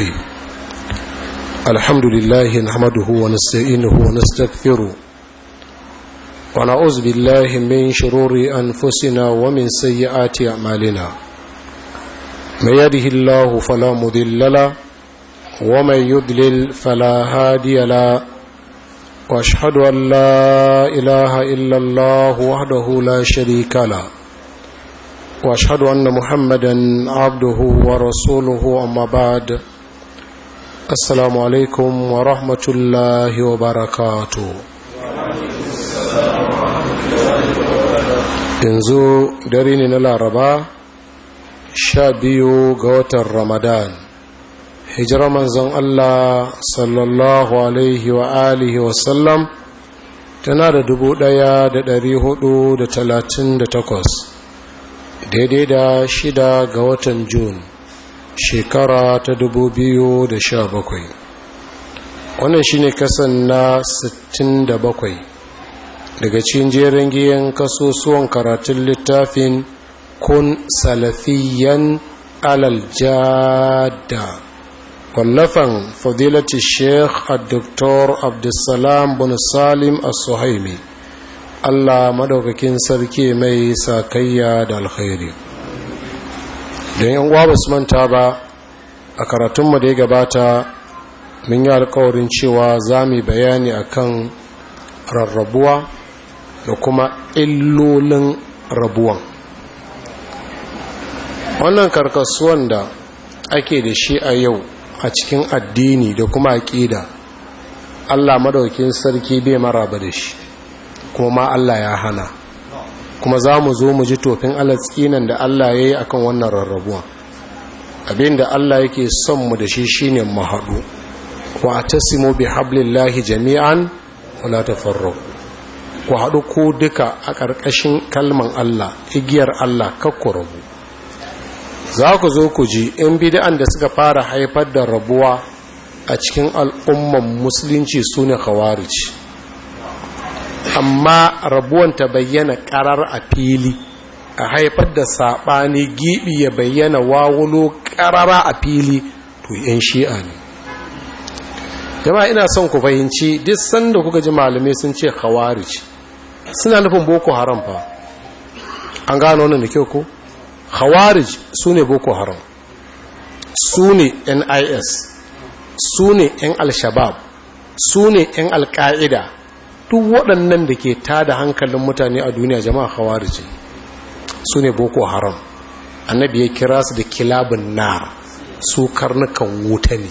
الرحيم الحمد لله نحمده ونستعينه ونستغفره ونعوذ بالله من شرور أنفسنا ومن سيئات أعمالنا من يده الله فلا مضل له ومن يضلل فلا هادي له واشهد أن لا إله إلا الله وحده لا شريك له واشهد ان محمدا عبده ورسوله اما بعد السلام عليكم ورحمة الله وبركاته yanzu dare ne na laraba sha biyu ga watan ramadan hijirar manzon allah sallallahu alaihi wa alihi wasallam tana da dubu ɗaya da dari hudu da talatin da takwas daidai da shida ga watan Jun. shekara ta 2017 wannan shine kasan na 67 daga cikin jerin giyan kasusuwan karatun littafin kun salafiyan alaljada. wallafan fadilati sheikh al-doktor abdulsalam bin salim al-suhaimi allah madaukakin sarki mai sakayya da alkhairi da yan uwa basu manta ba a karatunmu da ya gabata mun yi alkawarin cewa za mu bayani akan rarrabuwa da kuma illolin rabuwan wannan karkasuwan da ake da shi a yau a cikin addini da kuma aƙida allah madaukin sarki bai maraba da shi kuma allah ya hana kuma za mu zo mu ji tofin alatsinan da Allah ya yi a kan wannan rarrabuwa Abinda Allah yake son mu da shi shi ne mu haɗu wa a simo bi hablillahi jami'an wala ta farro ku haɗu ko duka a ƙarƙashin kalman Allah igiyar Allah kakku rabu za ku zo ku ji in bid'an da suka fara haifar da rabuwa a cikin al'umman musulunci su ne khawarij amma rabuwan ta bayyana karar a fili a haifar da saɓani gibi ya bayyana wawulo karara a fili to yan shi'a ne jama'a ina son ku fahimci duk sanda kuka ji malamai sun ce khawarij suna nufin boko haram fa an gano wannan da kyau ko khawarij su ne boko haram su ne nis su ne 'yan al-shabab su ne 'yan al duk waɗannan da ke tada hankalin mutane a duniya jama'a khawarij su ne boko haram annabi ya kira su da kilabin nar su karnukan wuta ne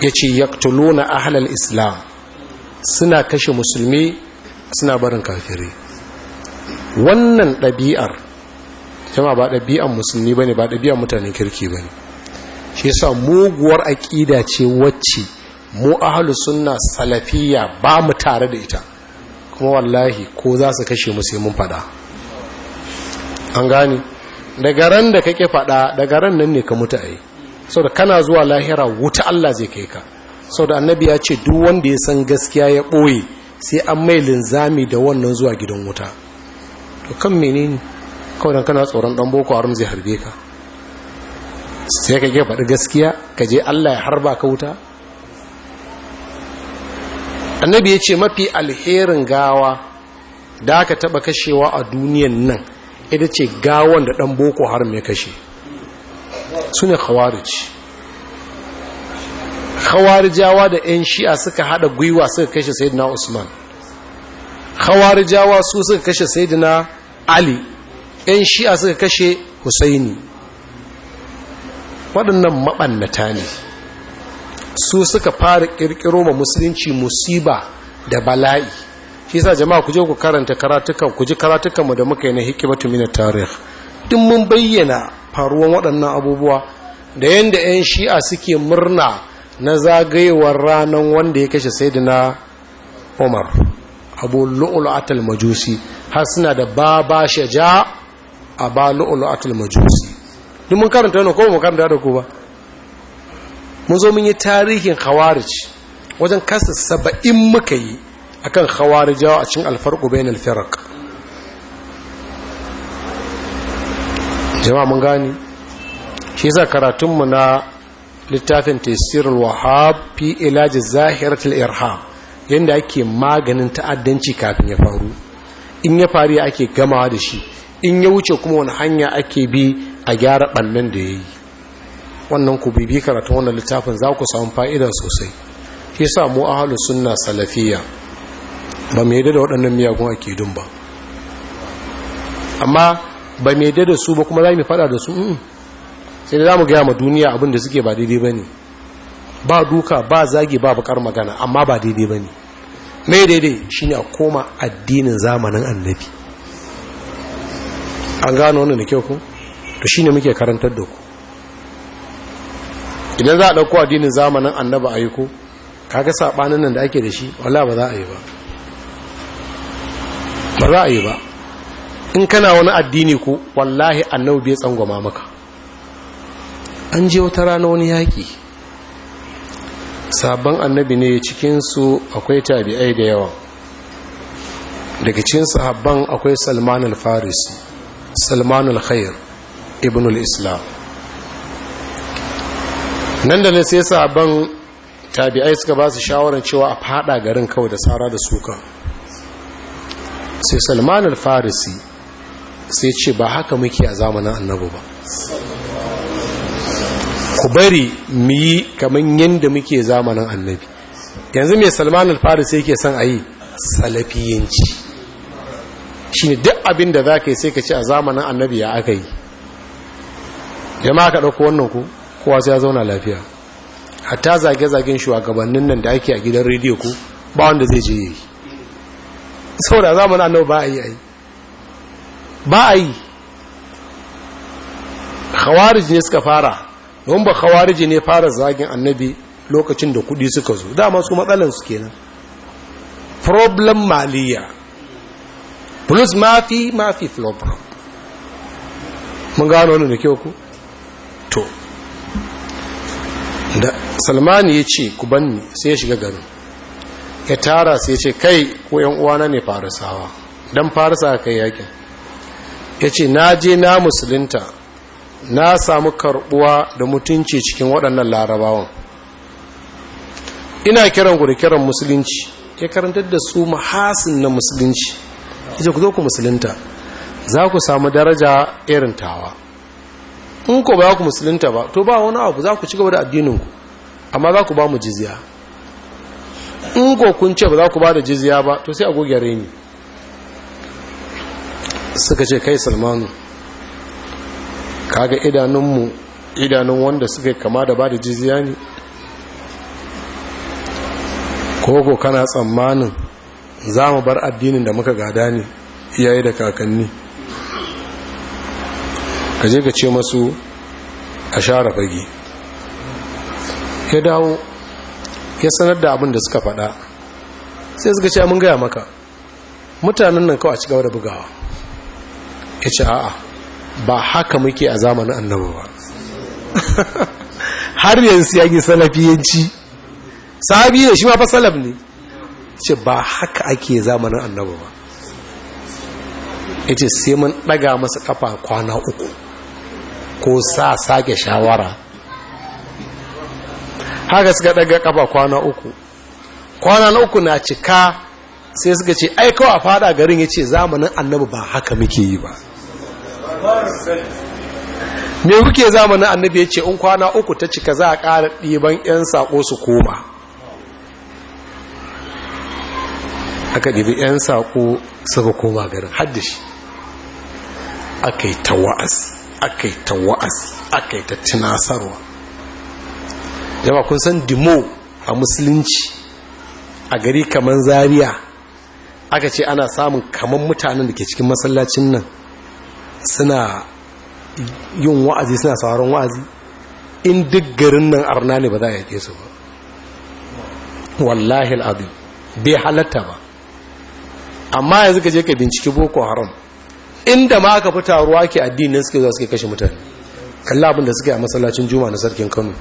ya ce yaktuluna ahlal islam suna kashe musulmi suna barin kafirai wannan ɗabi'ar jama'a ba ɗabi'an musulmi ba ne ba ɗabi'an mutanen kirki ba ne shi yasa muguwar aƙida ce wacce mu ahalu sunna salafiyya ba mu tare da ita kuma wallahi ko za su kashe mu sai mun fada an gani daga ran da kake fada daga ran nan ne ka mutu ai da kana zuwa lahira wuta Allah zai kai ka da annabi ya ce duk wanda ya san gaskiya ya ɓoye sai an mai linzami da wannan zuwa gidan wuta to kan menene kawai dan kana tsoron dan boko haram zai harbe ka sai ka ke faɗi gaskiya ka je Allah ya harba ka wuta annabi ya ce mafi alherin gawa da aka taba kashewa a duniyan nan ita ce gawan da dan boko haram ya kashe su ne khawarij khawarijawa da 'yan shi'a suka hada gwiwa suka kashe sayyidina usman khawarijawa su suka kashe sayyidina ali 'yan shi'a suka kashe husaini waɗannan maɓannata ne su suka fara kirkiro ma musulunci musiba da bala'i shi sa jama'a ku je ku karanta karatukan ku ji karatukan mu da muka yi na hikimatu min tarikh duk mun bayyana faruwan waɗannan abubuwa da yanda 'yan shi'a suke murna na zagayewar ranar wanda ya kashe sayyidina Umar abu lu'lu'atul majusi har suna da baba shaja a ba lu'lu'atul majusi duk mun karanta wannan ko mu karanta da ku ba mun zo mun yi tarihin khawarij wajen kasa saba'in muka yi akan khawarijawa a cikin alfarqu bayan firaq jama'a mun gani shi za karatunmu na littafin tafsirul wahab fi ilajin zahiratul irham yadda ake maganin ta'addanci kafin ya faru in ya faru ake gamawa da shi in ya wuce kuma wani hanya ake bi a gyara ɓannan da ya yi. wannan ku bibi karatu wannan littafin za ku samu fa'ida sosai shi sa mu ahalu sunna salafiya ba mai da waɗannan miyagun akidun ba amma ba mai da su ba kuma za mu faɗa da su sai za mu gaya ma duniya abin da suke ba daidai ba ne ba duka ba zagi ba bakar magana amma ba daidai ba ne mai daidai shi ne a koma addinin zamanin annabi an gano wannan da kyau ku to shi ne muke karantar da ku idan za a ɗauko addinin zamanin annaba a yi ko kaga saɓanin nan da ake da shi wala ba za a yi ba ba za a yi ba in kana wani addini ko wallahi annabu bai tsangwama maka an je wata rana wani yaƙi sabon annabi ne cikinsu akwai tabi'ai da yawa daga cikin sahabban akwai salman al-farisi salman al-khair ibn al-islam nan da ne sai sabon tabi'ai suka ba su shawarar cewa a fada garin kawai da sara da suka sai salman al-farisi sai ce ba haka muke a zamanin annabu ba ku bari mu yi kamar yadda muke zamanin annabi yanzu mai salman al-farisi yake son a yi salafiyanci shi ne duk abin da za ka yi sai ka ce a zamanin annabi ya aka yi jama'a ka ɗauko wannan ku kowa sai ya zauna lafiya hatta zage-zagen shugabannin nan da ake a gidan rediyo ko ba wanda zai je yi saboda zamanin annabi ba a yi ai ba a yi khawarij ne suka fara don ba khawarij ne fara zagin annabi lokacin da kudi suka zo dama su matsalan su kenan problem maliya plus mafi mafi flop mun gano wannan da kyau ku da salmani ya ce ku banni sai ya shiga garin ya tara sai ya ce kai ko yan uwana ne farisawa don farisa kai yakin ya ce na je na Musulinta na samu karɓuwa da mutunci cikin waɗannan larabawan ina kiran ku da kiran musulunci ya karantar da su mahasin na musulunci ya ce ku zo ku Musulinta za ku samu daraja irin tawa in ko ba ku musulunta ba to ba wani abu za ku ci gaba da addininku amma za ku ba mu jizya in ko kun ce ba za ku ba da jiziya ba to sai a goge reni suka ce kai salmanu kaga idanunmu idanun wanda suka kama da ba da jizya ne koko kana tsammanin za mu bar addinin da muka gada ne iyaye da kakanni ka je ka ce masu a share fage ya dawo ya sanar da abin da suka faɗa sai suka ce mun gaya maka mutanen nan kawai a cigaba da bugawa ya ce a'a ba haka muke a zamanin annabu ba har yanzu ya yi salafiyanci sahabi ne shi ma fa salaf ne ce ba haka ake zamanin annabu ba ya ce sai mun ɗaga masa ƙafa kwana uku ko sa sake shawara haka suka daga kafa kwana uku kwana na uku na cika sai suka ce ai kawai a fada garin ya ce zamanin annabi ba haka muke yi ba me kuke zamanin annabi ya ce in kwana uku ta cika za a ƙara ɗiban 'yan saƙo su koma aka ɗibi 'yan saƙo suka koma garin haddashi aka yi ta wa'azi aka yi ta wa'azi aka ta tunasarwa jama kun san dimo a musulunci a gari kamar zaria aka ce ana samun kamar mutanen da ke cikin masallacin nan suna yin wa'azi suna sauran wa'azi in duk garin nan arna ne ba za a yake su ba wallahi al'adu bai halatta ba amma yanzu ka je ka binciki boko haram inda ma aka fi taruwa ke addinin suke zuwa suke kashe mutane kalla abinda suke a masallacin juma na sarkin kano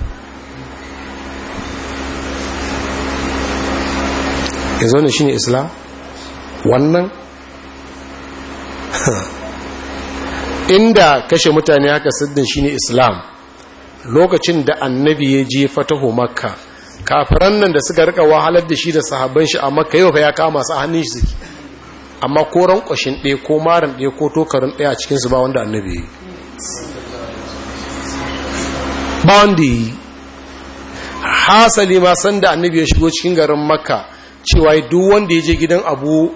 ya zaune shi ne islam wannan inda kashe mutane aka siddin shi ne islam lokacin da annabi ya je fataho makka kafiran nan da suka rika wahalar da shi da sahabban shi a makka yau fa ya kama su a hannun shi suke amma ko rankwashin ɗaya ko marin ɗaya ko tokarin ɗaya a cikinsu ba wanda annabi yi ba wanda yi hasali ma sanda annabi ya shigo cikin garin makka cewa duk wanda ya je gidan abu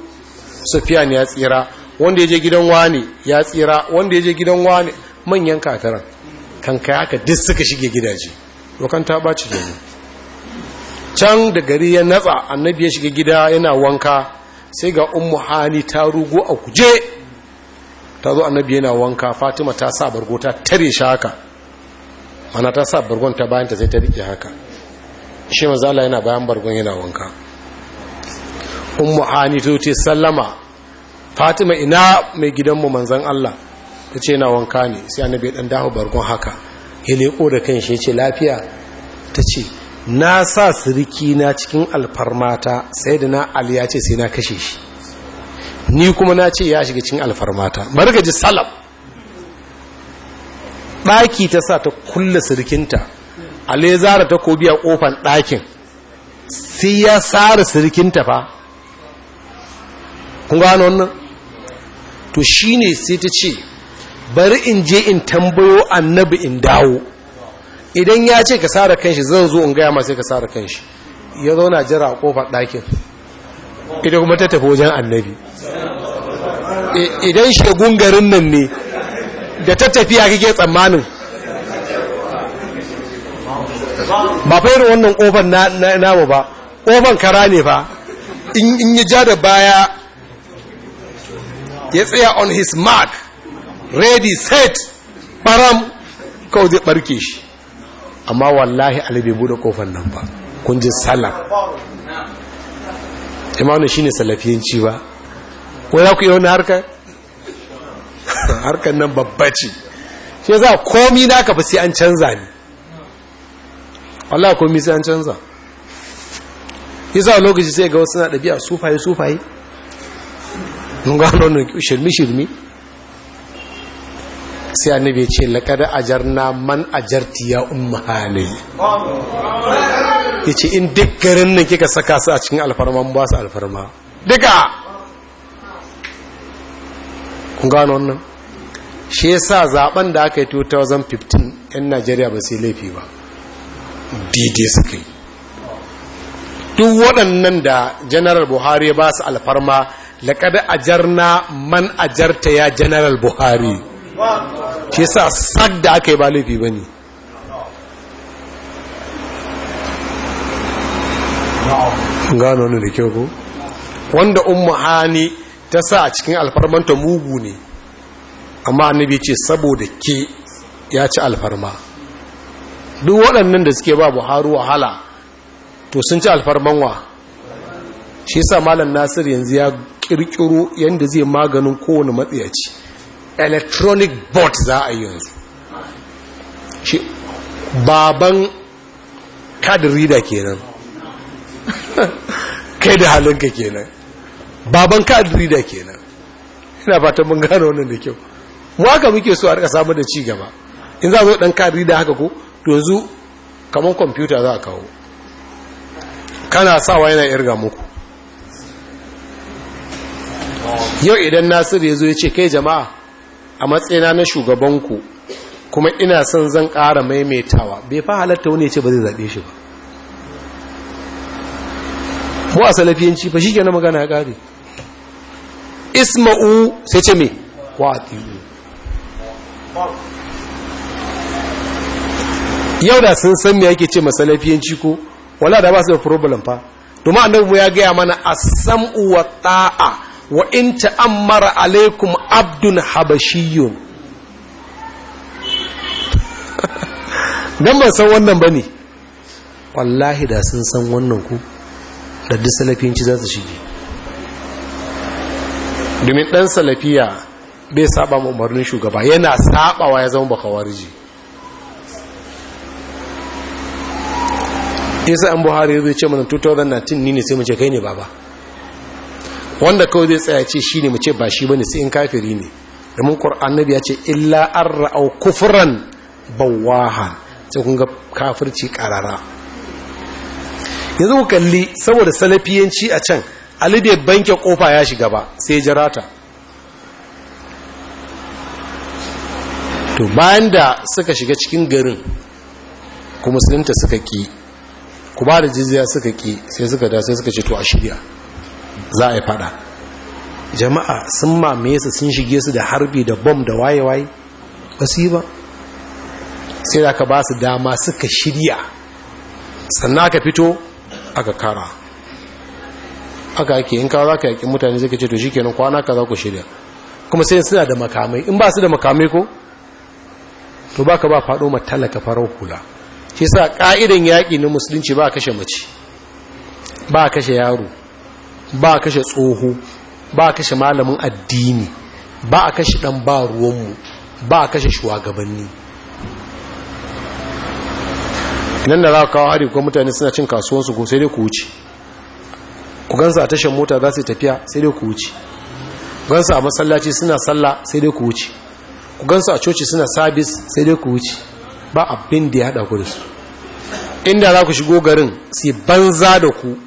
ne ya tsira wanda ya je gidan wani ya tsira wanda ya je gidan wani manyan kataran kan kai haka duk suka shige gidaje dokan ta ɓaci gani can da gari ya natsa annabi ya shiga gida yana wanka sai ga ummu hani ta rugo a kuje ta zo annabi yana wanka fatima ta sa bargo ta tare shi haka mana ta sa bargon ta bayan ta sai ta rike haka shi mazala yana bayan bargon yana wanka ummu hani ta ce sallama fatima ina mai gidanmu manzan Allah ta ce yana wanka ne sai annabi ya dan dafa bargon haka ya leko da shi ya ce lafiya ta ce na sa siriki na cikin alfarmata sai da na ali ce sai na kashe shi ni kuma na ce ya shiga cikin alfarmata bari ka ji salam ɗaki ta sa ta kulle sirikinta ali ya zara ta kobi a ƙofan ɗakin sai ya tsara sirikinta fa kun gano wannan to shine sai ta ce bari in je in tambayo annabi in dawo idan ya ce ka sare kanshi zan zo in gaya masu ka sare kanshi ya zauna jira a kofar ɗakin Idan kuma ta tafi wajen annabi idan shagun garin nan ne da ta tafiya kake tsammanin ba fairu wannan kofar namu ba kofar kara ne ba in yi ja da baya ya tsaya on his mark ready set baram kawai zai barke shi amma wallahi ali bai bude kofar nan ba kun ji salam imanu ne salafiyanci ba ko za ku yi wani harkar harkar nan babba ce shi za komi na ka fi sai an canza ne wallahi komi sai an canza yi za lokaci sai ga wasu na ɗabi'a sufaye sufaye mun gano shirme shirme sai annabi ce laqad ajarna man ajarti ya umma hali yace in duk garin nan kika saka su a cikin alfarma ba su alfarma duka kun gano wannan shi yasa zaben da aka yi 2015 'yan najeriya ba sai laifi ba daidai suka duk waɗannan da general buhari ba su alfarma laƙada ajarna man ajarta ya general buhari shi sa sak da aka yi ba laifi ba ne gano wani da kyau ko wanda umma hani ta sa a cikin alfarmanta mugu ne amma annabi ce saboda ke ya ci alfarma duk waɗannan da suke ba buhari wahala to sun ci alfarmanwa wa shi sa malam nasir yanzu ya kirkiro yadda zai maganin kowane matsiyaci electronic bot za a yi yanzu shi baban kadin rida kenan kai da halinka kenan baban kadin rida kenan ina fatan mun gano wannan da kyau mu haka muke so a rika samu da cigaba in za zo dan kadin rida haka ko to yanzu kamar kwamfuta za a kawo kana sawa yana irga muku yau idan nasiru ya zo ya ce kai jama'a a matsayina na shugabanku kuma ina son zan ƙara maimaitawa bai fa halatta wani ce ba zai zaɓe shi ba mu a salafiyanci fa shi ke na magana ya ƙare isma'u sai ce me wa yau da sun san me yake ce masalafiyanci ko wala da ba su da problem fa domin annabi ya gaya mana a samu wa ta'a wa in ta'ammara alaikum abdun habashiyun Dan san wannan ba ne wallahi da sun san wannan ku da duk salafiyanci za su shige domin ɗan salafiya bai saba ma umarnin shugaba yana sabawa ya zama baka warji isa an buhari zai ce mana 2019 ni ne sai mu ce kai ne baba wanda kawai zai tsaya ce shine mu ce ba shi ne sai in kafiri ne domin qur'annabi ya ce illa arra'u kufran kufuran sai kun ga kafirci karara yanzu ku kalli saboda salafiyanci a can ali bai banke kofa ya shiga ba sai jarata to bayan da suka shiga cikin garin ku musulunta suka ki ku ba da jizya suka ki sai suka da sai suka ce to a shirya za a yi fada jama'a sun mamaye su sun shige su da harbi da bom da waye-waye ba ba sai da ka ba su dama suka shirya sannan aka fito aka kara aka ake in kawo za ka yaƙi mutane zai ce to shi kenan kwana ka za ku shirya kuma sai suna da makamai in ba su da makamai ko to ba ka ba faɗo matalaka farar hula shi sa ƙa'idan yaƙi na musulunci ba kashe mace ba kashe yaro ba a kashe tsoho ba a kashe malamin addini ba a kashe dan ba ruwanmu ba a kashe shugabanni nan da za ka kawo hari kuma mutane suna cin kasuwansu ko sai dai ku wuce ku gansa a tashar mota za su tafiya sai dai ku wuce ku gansa a masallaci suna sallah sai dai ku wuce ku gansa a coci suna sabis sai dai ku wuce ba abin da ya haɗa ku da su inda za ku shigo garin sai banza da ku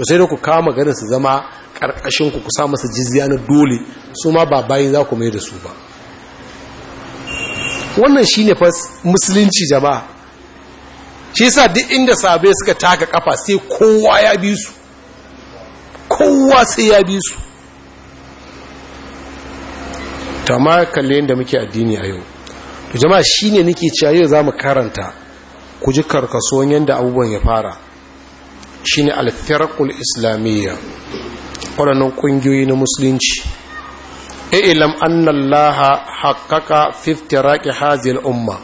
to sai da ku kama maganin su zama ƙarƙashin ku ku masa jizya na dole su ma ba bayi za ku mai da su ba wannan shine fas musulunci jama'a shi sa duk inda sabai suka taka kafa sai kowa ya bi su kowa sai ya bi su ta ma kalle yadda muke addini a yau to jama'a shine nake cewa yau mu karanta ku ji karkaso yadda abubuwan ya fara shine al islamiyya waɗannan ƙungiyoyi na musulunci ilam annallaha haqqaqa fi iftiraqi hadhihi al-umma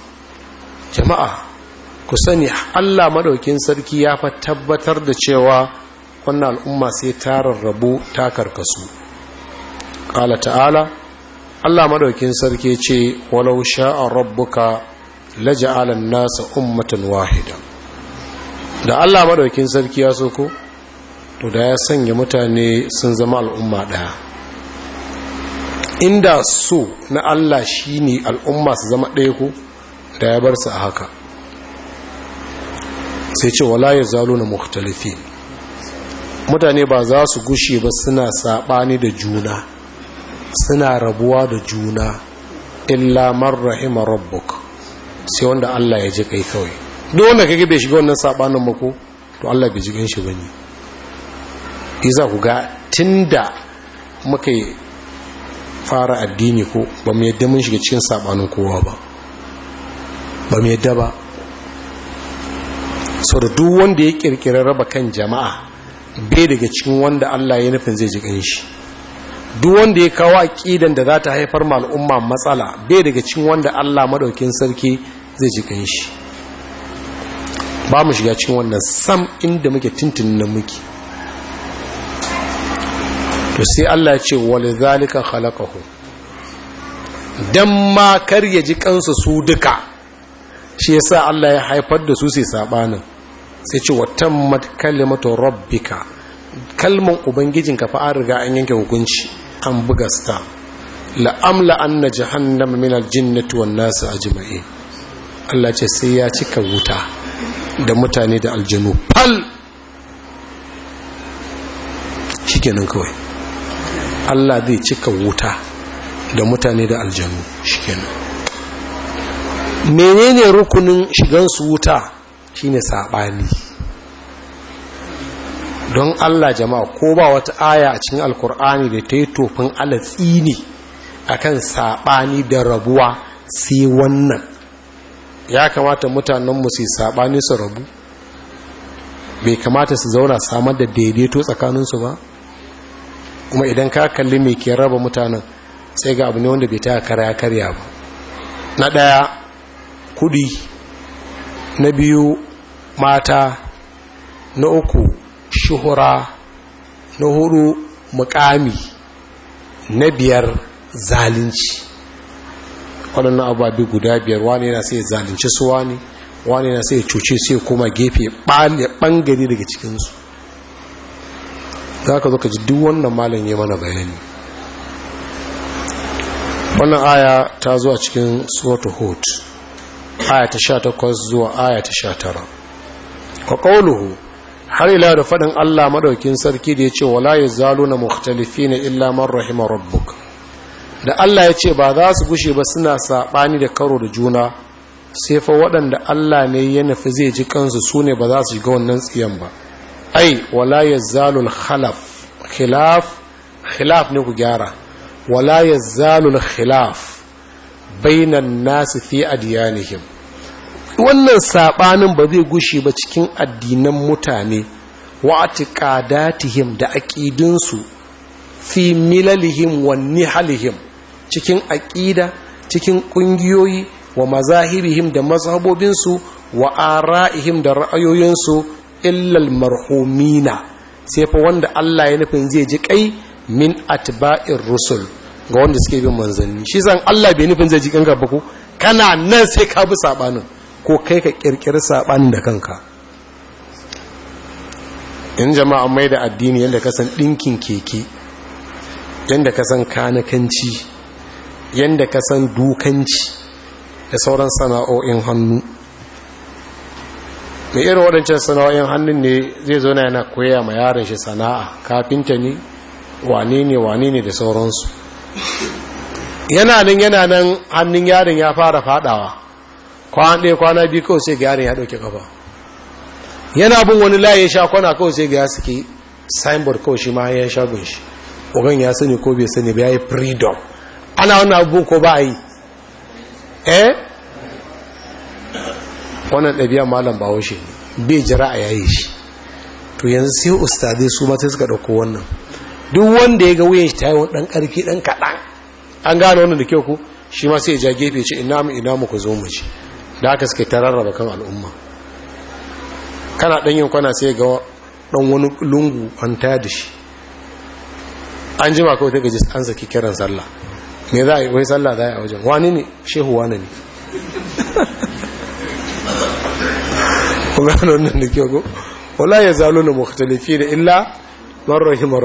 jama'a ku sani Allah madaukin sarki ya fa tabbatar da cewa wannan al'umma sai ta rarrabu ta karkasu qala ta'ala Allah madaukin sarki ce walau sha'a rabbuka laja'alan nasa ummatan wahida da allah maɗaukin sarki ya so ko to da ya sanya mutane sun zama al'umma ɗaya inda so na allah shi ne al'umma su zama ɗaya ko da ya bar su a haka sai ce wala ya zalo na mutane ba za su gushe ba suna saɓani da juna suna rabuwa da juna illa man rahima rabbuk sai wanda allah ya ji kai kawai duk wanda kage bai shiga wannan sabanin ba ko to Allah bai jigin shi bane iza ku ga tunda muka fara addini ko ba mu yadda mun shiga cikin sabanin kowa ba ba mu yadda ba so da duk wanda ya kirkira raba kan jama'a bai daga cikin wanda Allah ya nufin zai jigin shi duk wanda ya kawo aqidan da za ta haifar ma al'umma matsala bai daga cikin wanda Allah madaukin sarki zai jigin shi ba mu shiga cikin wannan sam inda muke tintin na muke to sai Allah ya ce wal zalika khalaqahu dan ma kar ya ji kansu su duka shi yasa Allah ya haifar da su sai sabanin sai ce watammat kalimatu rabbika kalman ubangijinka fa an riga an yanke hukunci an buga sta amla anna jahannama min al-jinnati wan nas ajma'in Allah ce sai ya cika wuta da mutane da aljanu fal shi kenan kawai allah zai cika wuta da mutane da aljanu shi kenan menene rukunin su wuta shine saɓani don allah jama'a ko ba wata aya a cikin alkur'ani da ta yi tofin alatsi ne kan saɓani da rabuwa sai wannan ya kamata mutanenmu su saɓani su rabu bai kamata su zauna samar da daidaito tsakaninsu ba kuma idan ka kalli mai ke raba mutanen sai ga abu ne wanda bai ta karya karya ba na ɗaya kudi na biyu mata na uku shuhura na hudu mukami na biyar zalunci waɗannan ababi guda biyar wani yana sai zalunci su wani wani yana sai cuce sai kuma gefe ɓangare daga cikinsu za ka zo ka ji duk wannan malam ya mana bayani wannan aya ta zo a cikin suratu hud aya ta sha takwas zuwa aya ta sha tara wa ƙauluhu har ila da faɗin allah Madaukin sarki da ya ce wala yi zalo na muhtalifi na illa man rahima rabbuk da Allah ya ce ba za su gushe ba suna saɓani da karo da juna sai fa waɗanda Allah ne ya nufi zai ji kansu su ne ba za su shiga wannan tsiyan ba ai wala ya zalul khalaf khilaf khilaf ne ku gyara wala ya zalul khilaf bainan nasu fi adiyanihim wannan saɓanin ba zai gushe ba cikin addinan mutane wa atiqadatihim da aƙidinsu fi milalihim wa nihalihim cikin aƙida cikin ƙungiyoyi wa mazahibihim da mazhabobinsu wa ara'ihim da ra'ayoyinsu illal marhumina sai fa wanda Allah ya nufin zai ji kai min atba'ir rusul ga wanda suke bin manzanni shi san Allah bai nufin zai ji kanka ba ko kana nan sai ka bi sabanin ko kai ka kirkiri sabanin da kanka in jama'a mai da addini yanda ka san dinkin keke yanda ka san kanakanci yadda ka san dukanci da sauran sana'o'in hannu mai irin waɗancan sana'o'in hannun ne zai zo na yana koya ma yaron shi sana'a kafinta ne wane ne wane ne da sauransu yana nan yana nan hannun yarin ya fara fadawa kwan ɗaya kwana biyu kawai sai ga ya ɗauki kafa yana bin wani layi ya sha kwana kawai sai ga ya suke signboard kawai shi ma ya sha shi ugan ya sani ko bai sani ba ya yi freedom ana wani abubuwan ko ba a yi eh wannan ɗabi'a malam ba ne. bai jira a yayi shi to yanzu sai ustadai su mata suka ɗauko wannan duk wanda ya ga wuyan shi ta yi wani ɗan ƙarfi ɗan kaɗan an gane wannan da kyau ku shi ma sai ya ja gefe ce ina mu ina mu ku zo mu ci da aka suka ta rarraba kan al'umma kana ɗan yin kwana sai ga ɗan wani lungu an taya da shi an jima kawai ta gaji an saki kiran sallah me za a yi wai sallah za a yi a wajen wani ne shehu wani ne kuma nan da kyau wala ya zalo na mukhtalifi da illa man rahima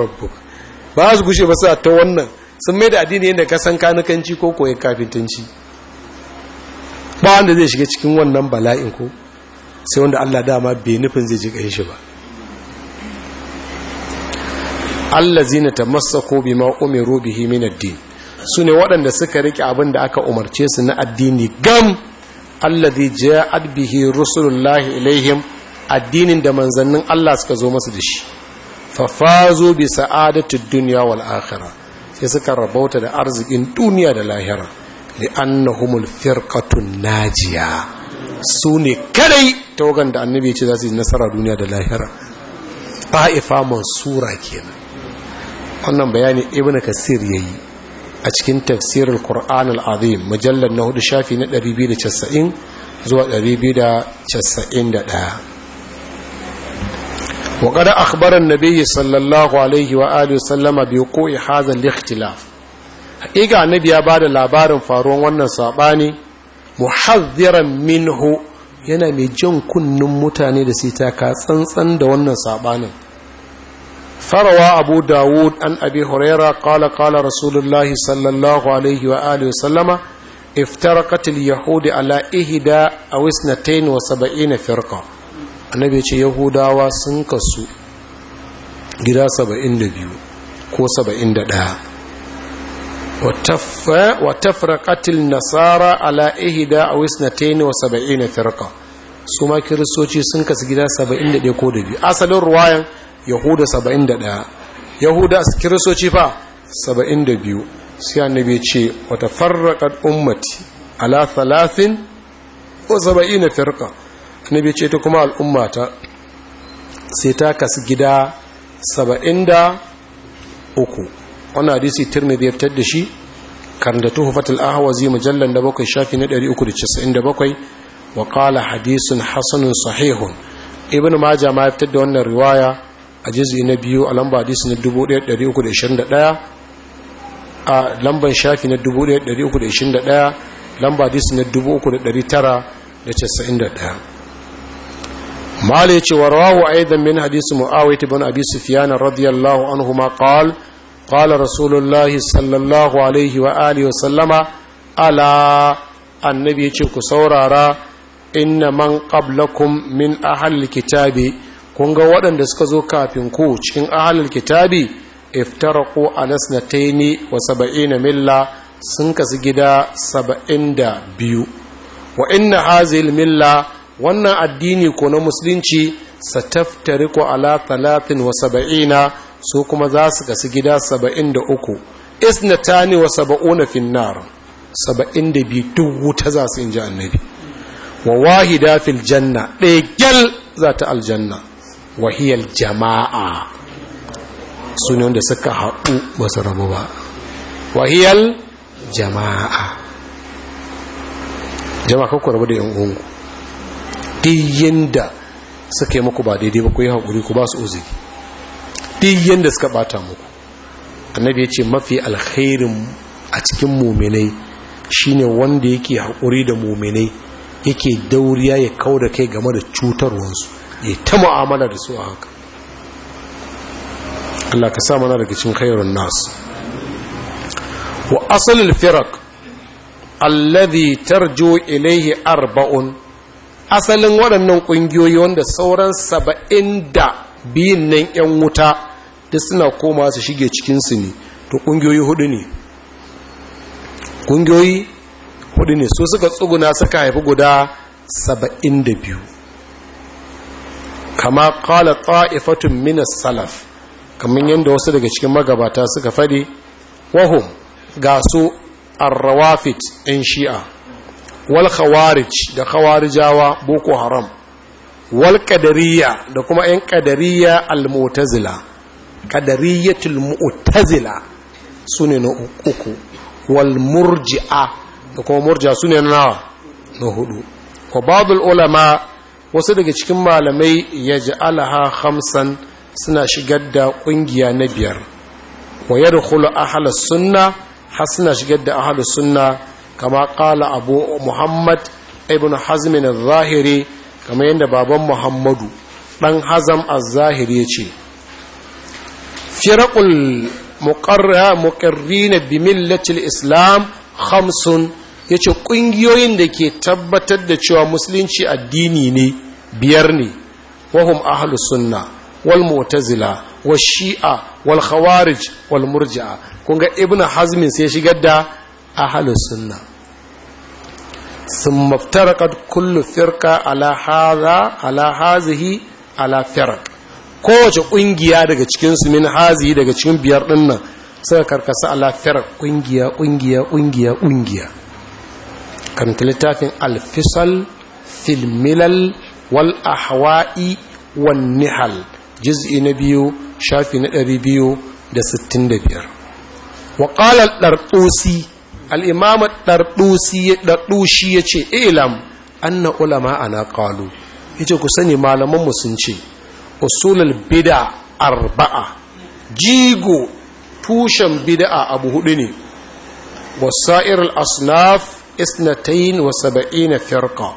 ba su gushe ba su ta wannan sun mai da addini yadda ka san kanukanci ko koyi kafintanci ba wanda zai shiga cikin wannan bala'in ko sai wanda Allah dama bai nufin zai ji shi ba Allah zina ta masa ko bi ma umiru bihi min ad-din su ne waɗanda suka riƙe abin da aka umarce su na addini gam allazi ja'at bihi rusulullahi ilaihim addinin da manzannin Allah suka zo masu da shi fazu bi sa'adatid dunya wal akhirah sai suka rabauta da arzikin duniya da lahira li'annahumul firqatun najiya su ne kadai tawagan da annabi ya ce za su yi nasara duniya da lahira ta'ifa mansura kenan wannan bayani ibnu kasir yayi a cikin tafsirin ƙura'an al'adim mujallar na hudu shafi na 290 zuwa 291 Waƙar akbaran na biyu sallallahu alaihi wa aliyu sallama biyu ko ihazan likhtilaf haƙiƙa nabi ya ba da labarin faruwan wannan saɓani muhazziran minhu yana mai jan kunnin mutane da sita ka tsantsan da wannan saɓanin farawa abu dawud an abi huraira qala qala rasulullahi sallallahu alaihi wa alihi wa sallama افترقت اليهود على إهدا أو اثنتين وسبعين فرقة النبي ce Yahudawa sun kasu gida 72 ko 71 وتفرقت النصارى على إهدا أو اثنتين وسبعين فرقة su ma kiristoci sun kasu gida 71 ko da biyu asalin ruwayan yahuda 71 yahuda su kiristoci fa 72 sai annabi ce wata farraqat ummati ala 30 ko 70 firqa annabi ce ta kuma al'ummata sai ta kasu gida 73 wannan hadisi tirmidhi ya fitar da shi karanta tuhfatul ahwazi mujallan da bakwai shafi na 397 wa qala hadisun hasanun sahihun ibn majah ma ya fitar da wannan riwaya a jizi na biyu a lamba hadisi na 1321 a lamban shafi na 1321 lamba hadisi na 3991 mali cewa a yi min hadisi mu'await ibn abi sufyan radiyallahu anhu ma ƙawal qala rasulullahi sallallahu alaihi wa alihi wa sallama ala annabi ce ku saurara inna man qablakum min ahli kitabi kun ga waɗanda suka zo kafin ku cikin ahalul kitabi iftaraqu ala Taini wa saba'ina milla sun kasu gida saba'in da biyu wa inna hazil milla wannan addini ko na musulunci sataftariqu ala talatin wa saba'ina su kuma za su kasu gida saba'in da uku Tani wa saba'una finnar saba'in da biyu duk wuta za su inji annabi wa wahida fil janna ɗaya gyal za ta aljanna wahiyar jama'a su ne wanda suka haɗu masu rabu ba wahiyar jama'a jama'a kakwa rabu da yankunku ɗiyin da suka yi muku ba daidai ba ku yi haƙuri ku ba su uzi da suka ɓata muku annabi ya ce mafi alkhairin a cikin muminai shine wanda yake haƙuri da muminai yake dauriya ya kau da kai game da cutarwarsu ya ta mu'amala da su a haka Allah ka sa mana daga cikin khairun nasu. wa asalul firaq alladhi tarju ilayhi arba'un asalin waɗannan ƙungiyoyi wanda sauran saba'in da biyun nan 'yan wuta da suna koma su shige cikinsu ne to ƙungiyoyi hudu ne ƙungiyoyi hudu ne so suka tsuguna suka haifi guda saba'in da biyu kama kala ta'ifatun min as-salaf kaman yadda wasu daga cikin magabata suka fadi wahum ga su ar-rawafit in shi'a wal khawarij da khawarijawa boko haram wal qadariyya da kuma yan qadariyya al-mu'tazila qadariyyatul mu'tazila sune na uku wal murji'a da kuma murji'a sune na na hudu wa ba'd ulama wasu daga cikin malamai ya ji alaha hamsan suna shigar da ƙungiya na biyar wa ya rukulu ahalar sunna har suna shigar da ahalar suna. kama ƙala abu muhammad ibn hazmin zahiri kama yadda baban muhammadu ɗan hazam a zahiri ya ce firakul muƙarri na bimillatil islam hamsun ya ce ƙungiyoyin da ke tabbatar da cewa musulunci addini ne biyar ne wahum ahlus sunna wal mu'tazila wa shi'a wal khawarij wal murji'a kun ga ibnu hazmin sai shigar da ahlus sunna sun maftaraqat kullu firqa ala hadha ala hazihi ala firq kowace ƙungiya daga cikinsu su min hazihi daga cikin biyar dinnan suka karkasa ala firq ƙungiya, ƙungiya, ƙungiya, ƙungiya. karanta littafin alfisal filmilal wal ahwa'i wan nihal juz'i na biyu shafi na ɗari biyu da sittin da biyar wa ƙalar ɗarɗosi al'imama ɗarɗoshi ya ce ilam an na ulama ana ƙalu ya ce ku sani malamanmu sun ce usulul bida arba'a jigo tushen bida'a abu hudu ne wasa'ir asnaf isnatain wa saba'ina firqa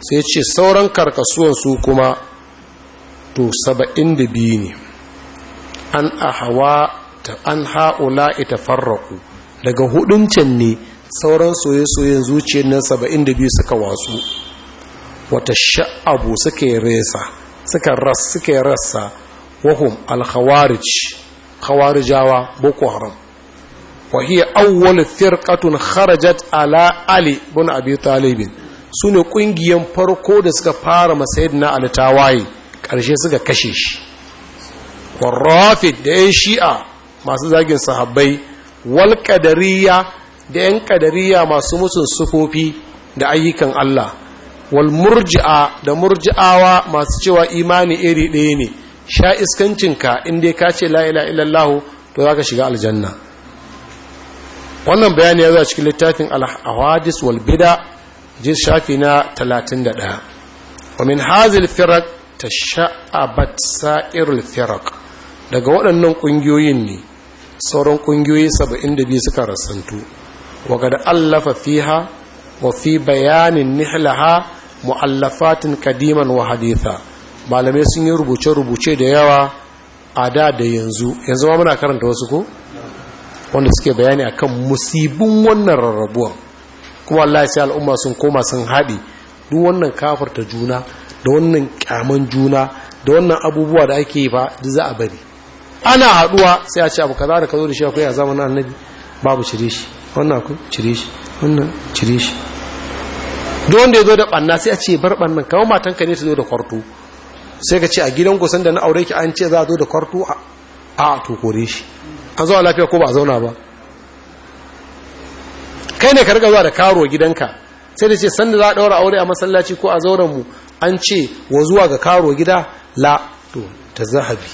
sai ce sauran karkasuwan su kuma to saba'in da biyu ne an ahawa ta an ha'ula ita farraku daga hudun can ne sauran soye-soyen zuciyar nan saba'in da biyu suka watsu wata sha'abu suka yi resa suka rasa wahum alkhawarij khawarijawa boko haram wa Auwalu awwal kharajat ala ali ibn abi talib sune ƙungiyar farko da suka fara masayidina ali tawaye ƙarshe suka kashe shi warrafid da yan shi'a masu zagin sahabbai walƙadariya da yan ƙadariya masu musun sufofi da ayyukan Allah walmurji'a da murji'awa masu cewa imani iri ɗaya ne sha iskancinka in dai ka ce la ilaha illallah to zaka shiga aljanna wannan bayani ya zo a cikin littafin al-hawadis wal bid'a ji shafi na 31 wa min hazil firaq tasha'abat sa'irul firaq daga waɗannan ƙungiyoyin ne sauran ƙungiyoyi 72 suka rasantu wa da allafa fiha wa fi bayanin nihlaha mu'allafatin kadiman wa haditha malamai sun yi rubuce-rubuce da yawa a da da yanzu yanzu ma muna karanta wasu ko wanda suke bayani akan musibin wannan rarrabuwan kuma Allah ya sai al'umma sun koma sun haɗe duk wannan kafarta juna da wannan kyaman juna da wannan abubuwa da ake yi ba duk za a bari ana haɗuwa sai a ce abu kaza da ka zo da shi akwai a zamanin annabi babu cire shi wannan akwai cire shi wannan cire shi duk wanda ya zo da ɓanna sai a ce bar ɓannan kamar ka ne ta zo da kwarto sai ka ce a gidan gusan da na aure ki an ce za a zo da kwarto a a to kore shi an zauna lafiya ko ba a zauna ba kai ne ka riga zuwa da karo gidanka sai da ce sanda za a ɗaura aure a masallaci ko a zauren mu an ce wa zuwa ga karo gida la to ta zahabi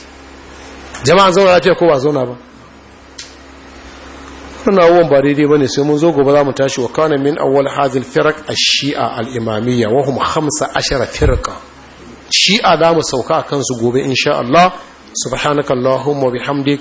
jama'an zauna lafiya ko ba zauna ba wannan abubuwan ba daidai ba ne sai mun zo gobe za mu tashi wa kana min awwal hazil firak a shia al-imamiyya wa hamsa ashara firka shi'a za mu sauka kansu gobe insha Allah subhanakallahumma wa bihamdik